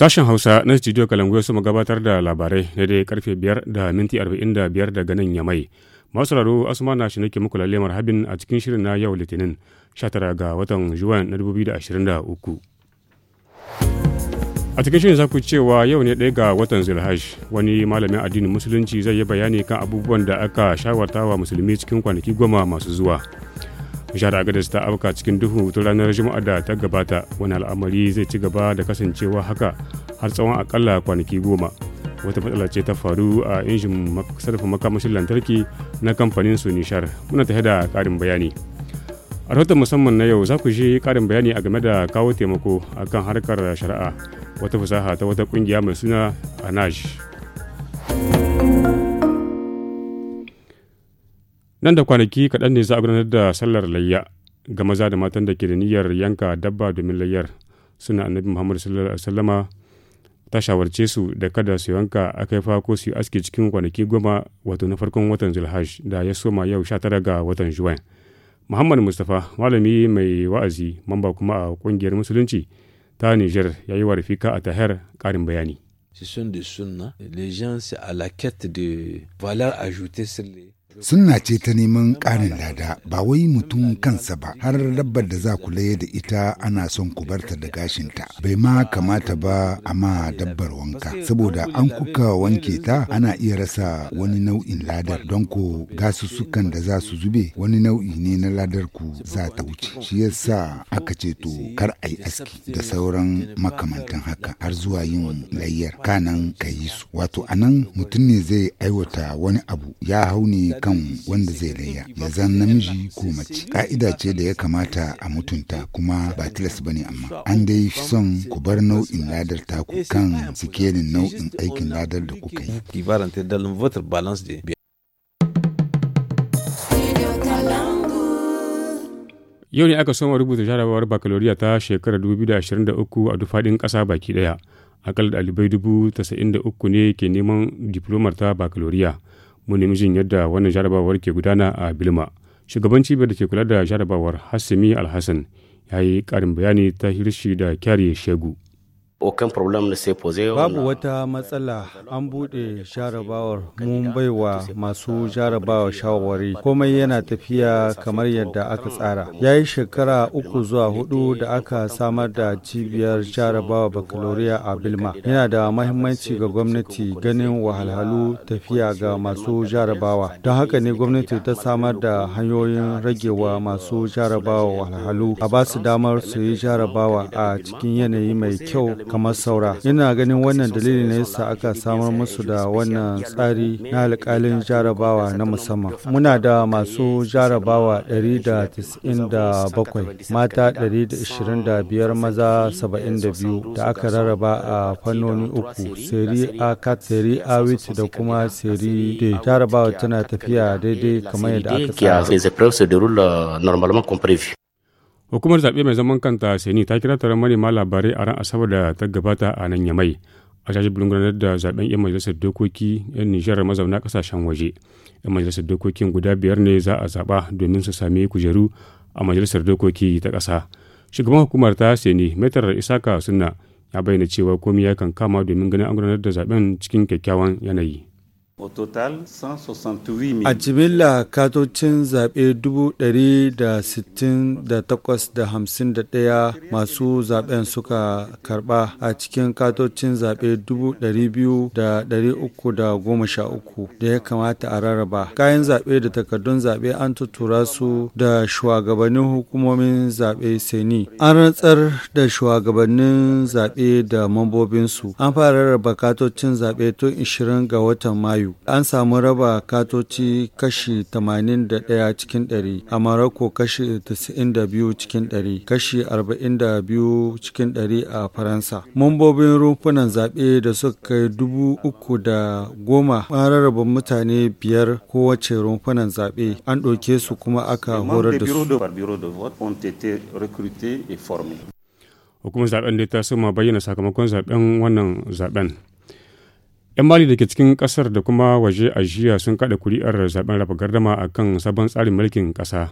Sashen Hausa na Studio Kalangoyo su gabatar da labarai na dai karfe 5 da minti 45 daga nan mai Masu raro Asuma na shi nake muku lalle habin a cikin shirin na yau Litinin 19 ga watan Juwan na 2023. A cikin shirin zaku cewa yau ne ɗaya ga watan Zulhaj wani malamin addinin Musulunci zai yi bayani kan abubuwan da aka shawarta wa musulmi cikin kwanaki goma masu zuwa. jihar agadez ta abuka cikin duhu ta ranar juma'a da ta gabata wani al'amari zai ci gaba da kasancewa haka har tsawon akalla kwanaki goma wata matsala ce ta faru a injin sarrafa makamashin lantarki na kamfanin su nishar muna tafiya da karin bayani a rahoton musamman na yau za ku shi karin bayani a game da kawo taimako a kan harkar shari'a wata fasaha ta wata kungiya mai suna anaj nan da kwanaki kaɗan ne za a gudanar da sallar layya ga maza da matan da ke da niyyar yanka dabba domin layyar suna annabi muhammadu sallallahu alaihi wasallama ta shawarce su da kada su yanka fa ko su yi aski cikin kwanaki goma wato na farkon watan zulhaj da ya soma yau sha tara ga watan juwan muhammadu mustapha malami mai wa'azi mamba kuma a kungiyar musulunci ta niger ya yi wa rafika a tahir karin bayani ce sont des sunna. Les gens, c'est à la quête de valeur ajoutée sur les... sunna ce ta neman ƙarin lada ba wai mutum kansa ba har rabbar da za ku laye da ita ana son ku barta da gashinta bai ma kamata ba a ma dabbar wanka saboda an kuka wanke ta ana iya rasa wani nau'in ladar don ko gasussukan da za su zube wani nau'i ne na ladar ku za ta wuce shi yasa aka ce to kar a yi aski da sauran makamantan haka har zuwa yin layyar kanan ka yi su wato anan mutum ne zai aiwata wani abu ya hau ne kan wanda zai layya ya zan namiji ko mace ka'ida ce da ya kamata a mutunta kuma ba tilas bane amma an dai fi son ku bar nau'in ladar taku kan sikelin nau'in aikin ladar da kuka yi yau ne aka soma rubuta jarabawar bakaloriya ta shekarar 2023 a dufaɗin kasa ƙasa baki ɗaya akalla ɗalibai 93 ne ke neman diplomar ta bakaloriya mun nemi yadda wannan jarabawar ke gudana a bilma shugaban cibiyar da ke kula da jarabawar hasimi alhassan ya yi ƙarin bayani ta hirshi da kyari shegu Babu wata matsala an buɗe jarabawar mun baiwa masu jarabawar shawarwari komai yana tafiya kamar yadda aka tsara. Ya yi shekara uku zuwa hudu da aka samar da cibiyar jarabawar bakaloriya a Bilma. Yana da mahimmanci ga gwamnati ganin wahalhalu tafiya ga masu jarabawa. Don haka ne gwamnati ta samar da hanyoyin ragewa masu jarabawa wahalhalu a ba su damar su yi jarabawa a cikin yanayi mai kyau kamar saura ina ganin wannan dalili ne yasa aka samar musu da wannan tsari na alƙalin jarabawa na musamman muna da masu jarabawa 197 mata 125 maza 72 da aka rarraba a fannoni uku seri a kat seri a wit da kuma seri da jarabawa tana tafiya daidai kamar yadda aka tsara Hukumar zaɓe mai zaman kanta Seni ta kira taron manema labarai a ran Asabar da ta gabata a nan Yamai. a shashi gudanar da zaɓen 'yan majalisar dokoki 'yan nijar mazauna ƙasashen waje 'yan majalisar dokokin guda biyar ne za a zaɓa domin su sami kujeru a majalisar dokoki ta ƙasa shugaban hukumar ta seni metar isaka sunna ya bayyana cewa komai ya kan kama domin ganin an gudanar da zaɓen cikin kyakkyawan yanayi A jimilla katocin zaɓe 168,051 masu zaɓen suka karɓa a cikin katocin zaɓe 2,313 da ya kamata a rarraba. Kayan zaɓe da takardun zaɓe an tutura su da shugabannin hukumomin zaɓe seni. An rantsar da shugabannin zaɓe da mambobinsu. An fara rarraba katocin zaɓe tun 20 ga watan Mayu. biyu. An samu raba katoci kashi 81 cikin 100, a Maroko kashi 92 cikin 100, kashi 42 cikin 100 a Faransa. Mambobin rumfunan zaɓe da suka kai dubu uku da goma an rarraba mutane biyar kowace rumfunan zaɓe an ɗauke su kuma aka horar da su. Hukumar zaben da ta suma bayyana sakamakon zaben wannan zaben. 'Yan Mali da ke cikin kasar da kuma waje a jiya sun kaɗa kuri'ar zaben raba gardama a kan sabon tsarin mulkin ƙasa.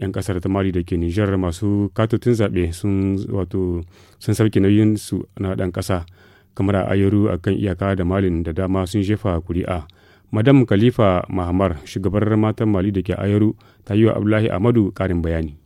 'Yan kasar ta Mali da ke Nijar masu katotin zaɓe sun wato sun sauke nauyin su na ɗan kasa Kamar a Ayaru a kan iyaka da Malin da dama sun jefa kuri'a. Madam Khalifa Mahamar, shugabar matan Mali da ke Ayaru, ta yi wa Abdullahi Amadu ƙarin bayani.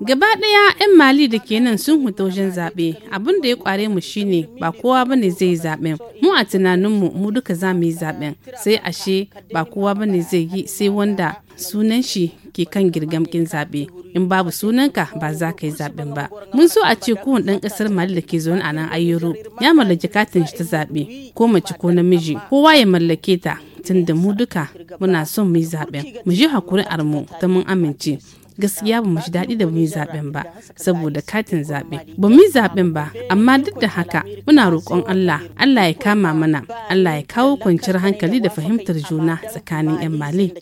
Gaba ɗaya 'yan Mali da ke nan sun huta wajen zaɓe, abin da ya kware mu shine ba kowa bane zai yi zaɓen. Mu a tunaninmu mu duka za mu yi zaɓen, sai ashe ba kowa bane zai yi sai wanda sunan shi ke kan girgamkin zaɓe. In babu sunanka ba za ka yi zaɓen ba. Mun so a ce kowane ɗan ƙasar Mali da ke zaune a nan ayyuru ya mallaki katin shi ta zaɓe, ko mace ko namiji, kowa ya mallake ta tun da mu duka muna son mu yi zaɓen. Mu je hakurin armu ta mun amince. gaskiya ba mu ji daɗi da mu zaɓen ba saboda katin zaɓe ba mu zaɓen ba amma duk da haka muna roƙon Allah Allah ya kama mana Allah ya kawo kwanciyar hankali da fahimtar juna tsakanin 'yan Mali.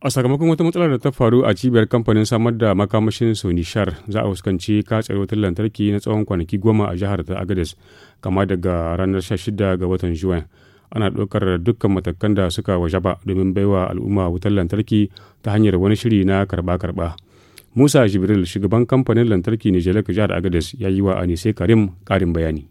A sakamakon wata matsalar da ta faru a cibiyar kamfanin samar da makamashin Sonishar za a fuskanci katsar wutar lantarki na tsawon kwanaki goma a jihar ta Agades kama daga ranar 16 ga watan Juwan. ana ɗaukar dukkan matakan da suka wajaba domin baiwa al'umma wutar lantarki ta hanyar wani shiri na karɓa-karɓa. Musa Jibril shugaban kamfanin lantarki Nijalek jihar Agadez ya yi wa Anise Karim ƙarin bayani.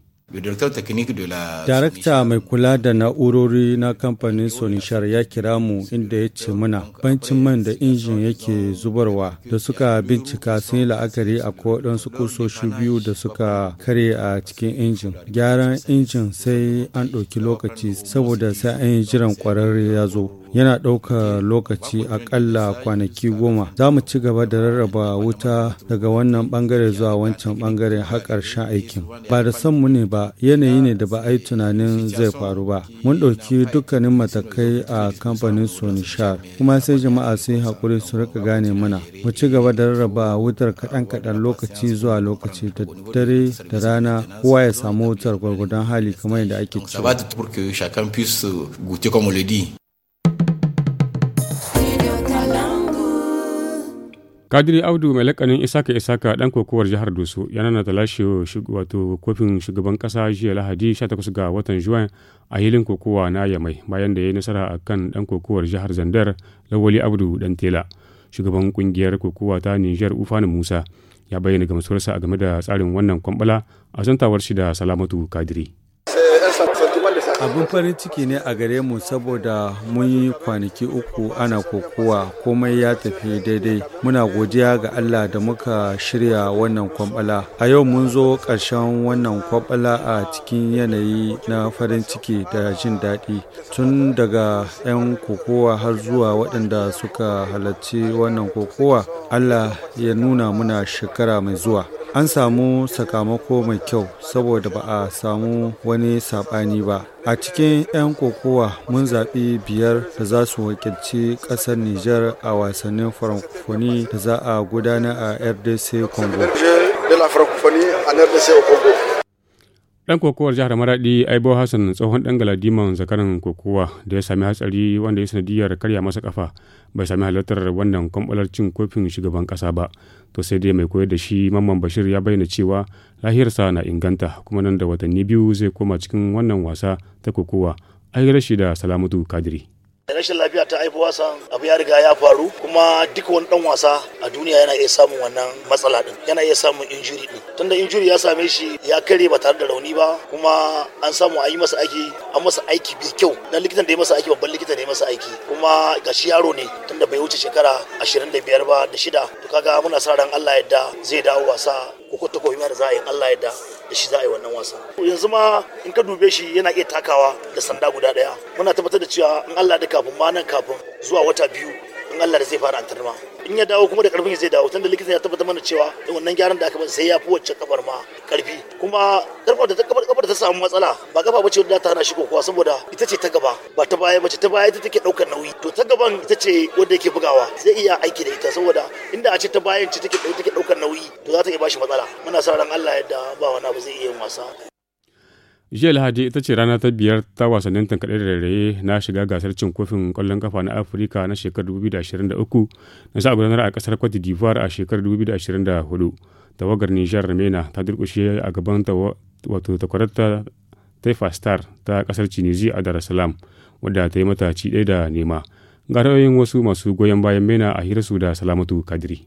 Darakta mai kula da na'urori na kamfanin Sonishar ya kira mu inda ya ce muna bancin man da injin yake zubarwa da suka bincika sun yi la'akari a waɗansu kusoshi biyu da suka kare a cikin injin. Gyaran injin sai an ɗauki lokaci saboda sai an yi jiran ƙwararre ya zo. yana ɗaukar lokaci akalla kwanaki goma za mu ci gaba da rarraba wuta daga wannan bangare zuwa wancan bangare har ƙarshen aikin ba da san mu ne ba yanayi ne da ba a yi tunanin zai faru ba mun ɗauki dukkanin matakai a kamfanin shar kuma sai jama'a sun haƙuri su rika gane mana mu ci gaba da rarraba wutar kaɗan kaɗan lokaci zuwa lokaci da dare da rana kowa ya samu wutar gwargwadon hali kamar yadda ake ci. kadiri audu mai lakanin isaka isaka dan kokowar jihar doso ya nana talashe wato kofin shugaban ƙasa jiya lahadi 18 ga watan juwan a hilin kokowa na yamai bayan da ya yi nasara a kan dan kokowar jihar zandar lawali abdu dan tela shugaban kungiyar kokowa ta niger ufani musa ya bayyana gamsuwarsa game da tsarin wannan kwambala a santawar shi da salamatu kadiri abin farin ciki ne a gare mu saboda mun yi kwanaki uku ana kokowa komai ya tafi daidai muna godiya ga allah da muka shirya wannan kwambala a yau mun zo ƙarshen wannan kwambala a cikin yanayi na farin ciki da jin daɗi tun daga 'yan kokowa har zuwa waɗanda suka halarci wannan kokowa allah ya nuna muna shekara mai zuwa an samu sakamako mai kyau saboda ba a samu wani saɓani ba a cikin 'yan kokowa mun zaɓi biyar da za su wakilci ƙasar niger a wasannin francophonie da za a gudanar a rdc congo Congo. Ɗan kokowar jihar Maraɗi Aibo Hassan tsohon ɗan galadiman zakaran kokowa da ya sami hatsari wanda ya sanadiyar karya masa kafa bai sami halartar wannan kwamɓalar cin kofin shugaban ƙasa ba. To sai dai mai koyar da shi Mamman Bashir ya bayyana cewa lahiyarsa na inganta kuma nan da watanni biyu zai koma cikin wannan wasa ta kokowa. Ai rashi da Salamatu Kadiri. rashin lafiya ta haifi wasan abu ya riga ya faru kuma duk wani dan wasa a duniya yana iya samun wannan matsala din yana iya samun injuri din tunda injuri ya same shi ya kare ba tare da rauni ba kuma an samu a yi masa aiki an masa aiki bi kyau na likitan da ya masa aiki babban likita ya masa aiki kuma ga yaro ne tunda bai wuce shekara ashirin da biyar ba da shida to kaga muna sa ran Allah yadda zai dawo wasa ko ko takobi da za a yi Allah yadda da shi za a yi wannan wasa yanzu ma in ka dube shi yana iya takawa da sanda guda daya muna tabbatar da cewa in Allah da kafin ma nan kafin zuwa wata biyu in Allah da zai fara antarma in ya dawo kuma da karfin zai dawo tunda likita ya tabbatar mana cewa wannan gyaran da aka ban sai ya fi wacce kabar ma karfi kuma karfar da kafar kabar ta samu matsala ba kafa bace wadda ta hana shi kokowa saboda ita ce ta gaba ba ta baya bace ta baya ita take daukar nauyi to ta gaban ita ce wadda yake bugawa zai iya aiki da ita saboda inda a ce ta bayan ce take take daukar nauyi to za ta iya bashi matsala muna sa ran Allah yadda ba wani abu zai iya yin wasa jiya lahadi ita ce rana ta biyar ta wasannin tankaɗe da rairaye na shiga gasar cin kofin ƙwallon kafa na afirka na shekarar 2023 na sa gudanar a ƙasar cote d'ivoire a shekarar 2024 tawagar nijar mena ta durƙushe a gaban wato ta taifa star ta ƙasar tunisia a dar salam wadda ta yi mata ci ɗaya da nema ga ra'ayoyin wasu masu goyon bayan mena a hirarsu da salamatu kadiri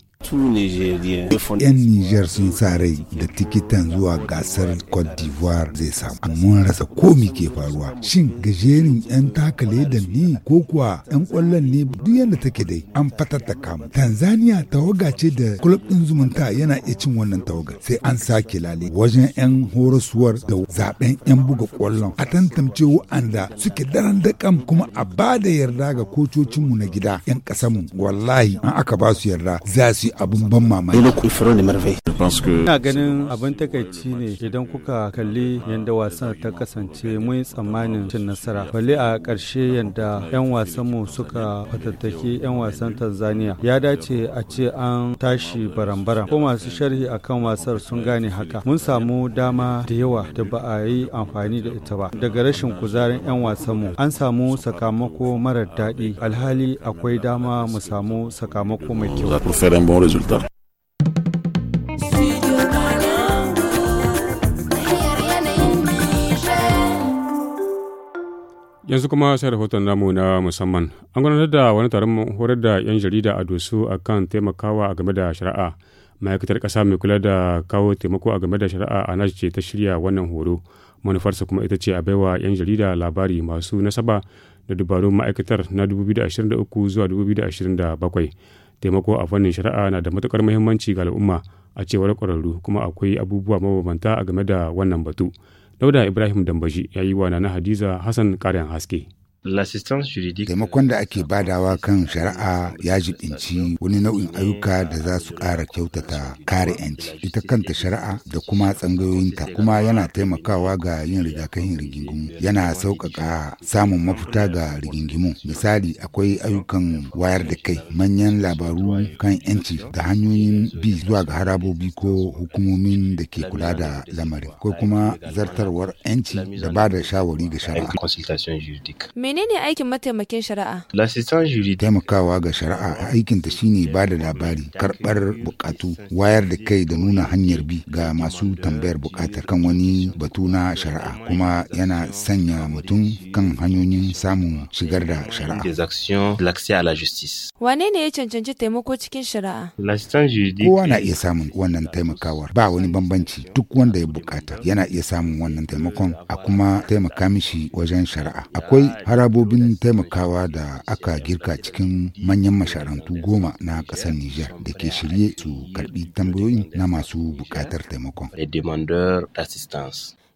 'Yan Nijar sun sa rai da tikitan zuwa gasar Cote d'Ivoire zai samu. Amma rasa komi ke faruwa. Shin gajerin 'yan takale da ni ko kuwa 'yan kwallon ne duk yadda take dai an fatar ta kamu. Tanzania tawaga ce da kulub ɗin zumunta yana iya cin wannan tawaga Sai an sake lale wajen 'yan horasuwar da zaben 'yan buga kwallon. A tantance wa'anda suke daren dakam kuma a ba da yarda ga kococinmu na gida 'yan kasamu. Wallahi an aka ba su yarda za su abin ban mamaki ina ganin abin takaici ne idan kuka kalli yadda wasan ta kasance mun tsammanin cin nasara balle a ƙarshe yadda 'yan wasanmu suka fatattaki 'yan wasan tanzania ya dace a ce an tashi barambara ko masu sharhi akan wasar sun gane haka mun samu dama da yawa da ba a yi amfani da ita ba daga rashin kuzarin 'yan wasan mu an samu sakamako mara daɗi alhali akwai dama mu samu sakamako mai kyau résultat. yanzu kuma sai rahoton namu na musamman an gudanar da wani taron horar da 'yan jarida a dosu a kan taimakawa a game da shari'a ma'aikatar ƙasa mai kula da kawo taimako a game da shari'a a ce ta shirya wannan horo manufarsa kuma ita ce a baiwa 'yan jarida labari masu nasaba da dubarun ma'aikatar na 2023 zuwa 2027 taimako a fannin shari'a na da matukar muhimmanci ga al'umma a cewar ƙwararru kuma akwai abubuwa mabambanta a game da wannan batu dauda ibrahim dambaji ya yi wa na hadiza hassan ƙarin haske Taimakon da ake euh, badawa kan shari'a ya euh, jibinci wani nau'in ayyuka da euh, za su ƙara kyautata kare 'yanci ita kanta shari'a da kuma tsangayoyinta kuma yana taimakawa ga yin rigakafin rigingimu yana sauƙaƙa samun mafuta ga rigingimu misali akwai ayyukan wayar da kai manyan labaru kan 'yanci da hanyoyin bi zuwa ga harabobi ko hukumomin da ke kula da lamarin ko kuma zartarwar 'yanci da ba da shawari ga shari'a. menene aikin mataimakin shari'a taimakawa ga shari'a a aikinta shine ba da labari karɓar bukatu wayar da kai da nuna hanyar bi ga masu tambayar bukata kan wani batu na shari'a kuma yana sanya mutum kan hanyoyin samun shigar da shari'a wane ne ya cancanci taimako cikin shari'a kowa na iya samun wannan taimakawar ba wani bambanci duk wanda ya bukata yana iya samun wannan taimakon a kuma taimaka mishi wajen shari'a akwai har rabobin taimakawa da aka girka cikin manyan masharantu goma na ƙasar Nijar da ke shirye su karɓi tambayoyin na masu buƙatar taimakon.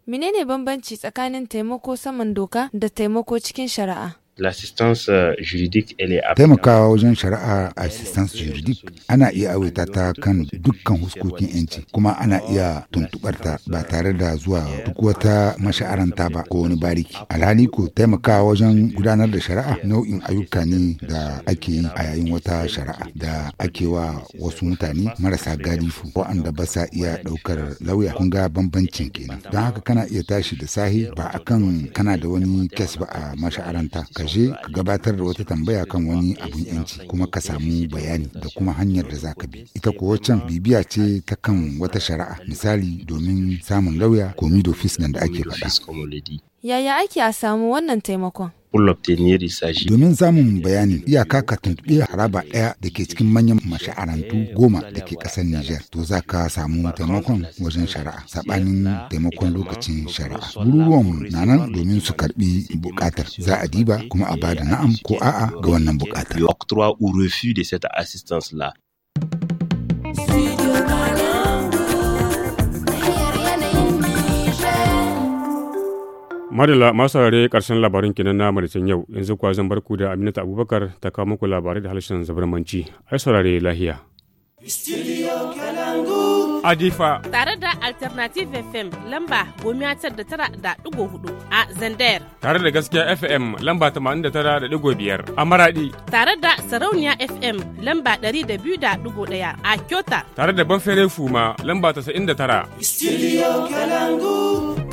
Menene bambanci tsakanin taimako saman doka da taimako cikin shari'a? l'assistance euh, juridique elle est Temaka wajen shari'a assistance juridique ana iya awaita ta kan dukkan huskokin yanci kuma ana iya tuntubarta ba tare da zuwa duk wata masha'aranta ba ko wani bariki alhali ko taimakawa wajen gudanar da shari'a nau'in ayyuka ne da ake yi a yayin wata shari'a da ake wa wasu mutane marasa galifu waɗanda ba sa iya ɗaukar lauya kun ga bambancin kenan don haka kana iya tashi da sahi ba akan kana da wani kes ba a masha'aranta ƙarshe ka gabatar da wata tambaya kan wani abun yanci kuma ka samu bayani da kuma hanyar da za ka bi ita kuwa can bibiya ce ta kan wata shari'a misali domin samun lauya komi da fis nan da ake faɗa yaya ake a samu wannan taimakon Domin samun bayani iyaka ka tuntuɓi haraba ɗaya da ke cikin manyan masha'arantu goma da ke ƙasar Nijar to za ka samu taimakon wajen shari'a saɓanin taimakon lokacin shari'a. Ruruwanmu na nan domin su karɓi buƙatar za a diba kuma a bada na'am ko a'a ga wannan buƙatar. L'octroi ou de cette assistance la. madalla masu saurare karshen labarin kenan na maricin yau yanzu kuwa zan barku da aminata abubakar ta kawo muku labarai da harshen zabarmanci ai saurare lahiya Adifa. Tare da Alternative FM lamba gomiya tar da tara da ɗigo hudu a Zandayar. Tare da gaskiya FM lamba tamanin da tara da ɗigo biyar a Maradi. Tare da Sarauniya FM lamba ɗari da biyu da ɗigo ɗaya a Kyota. Tare da Banfere Fuma lamba tasa'in da tara. Studio Kalangu.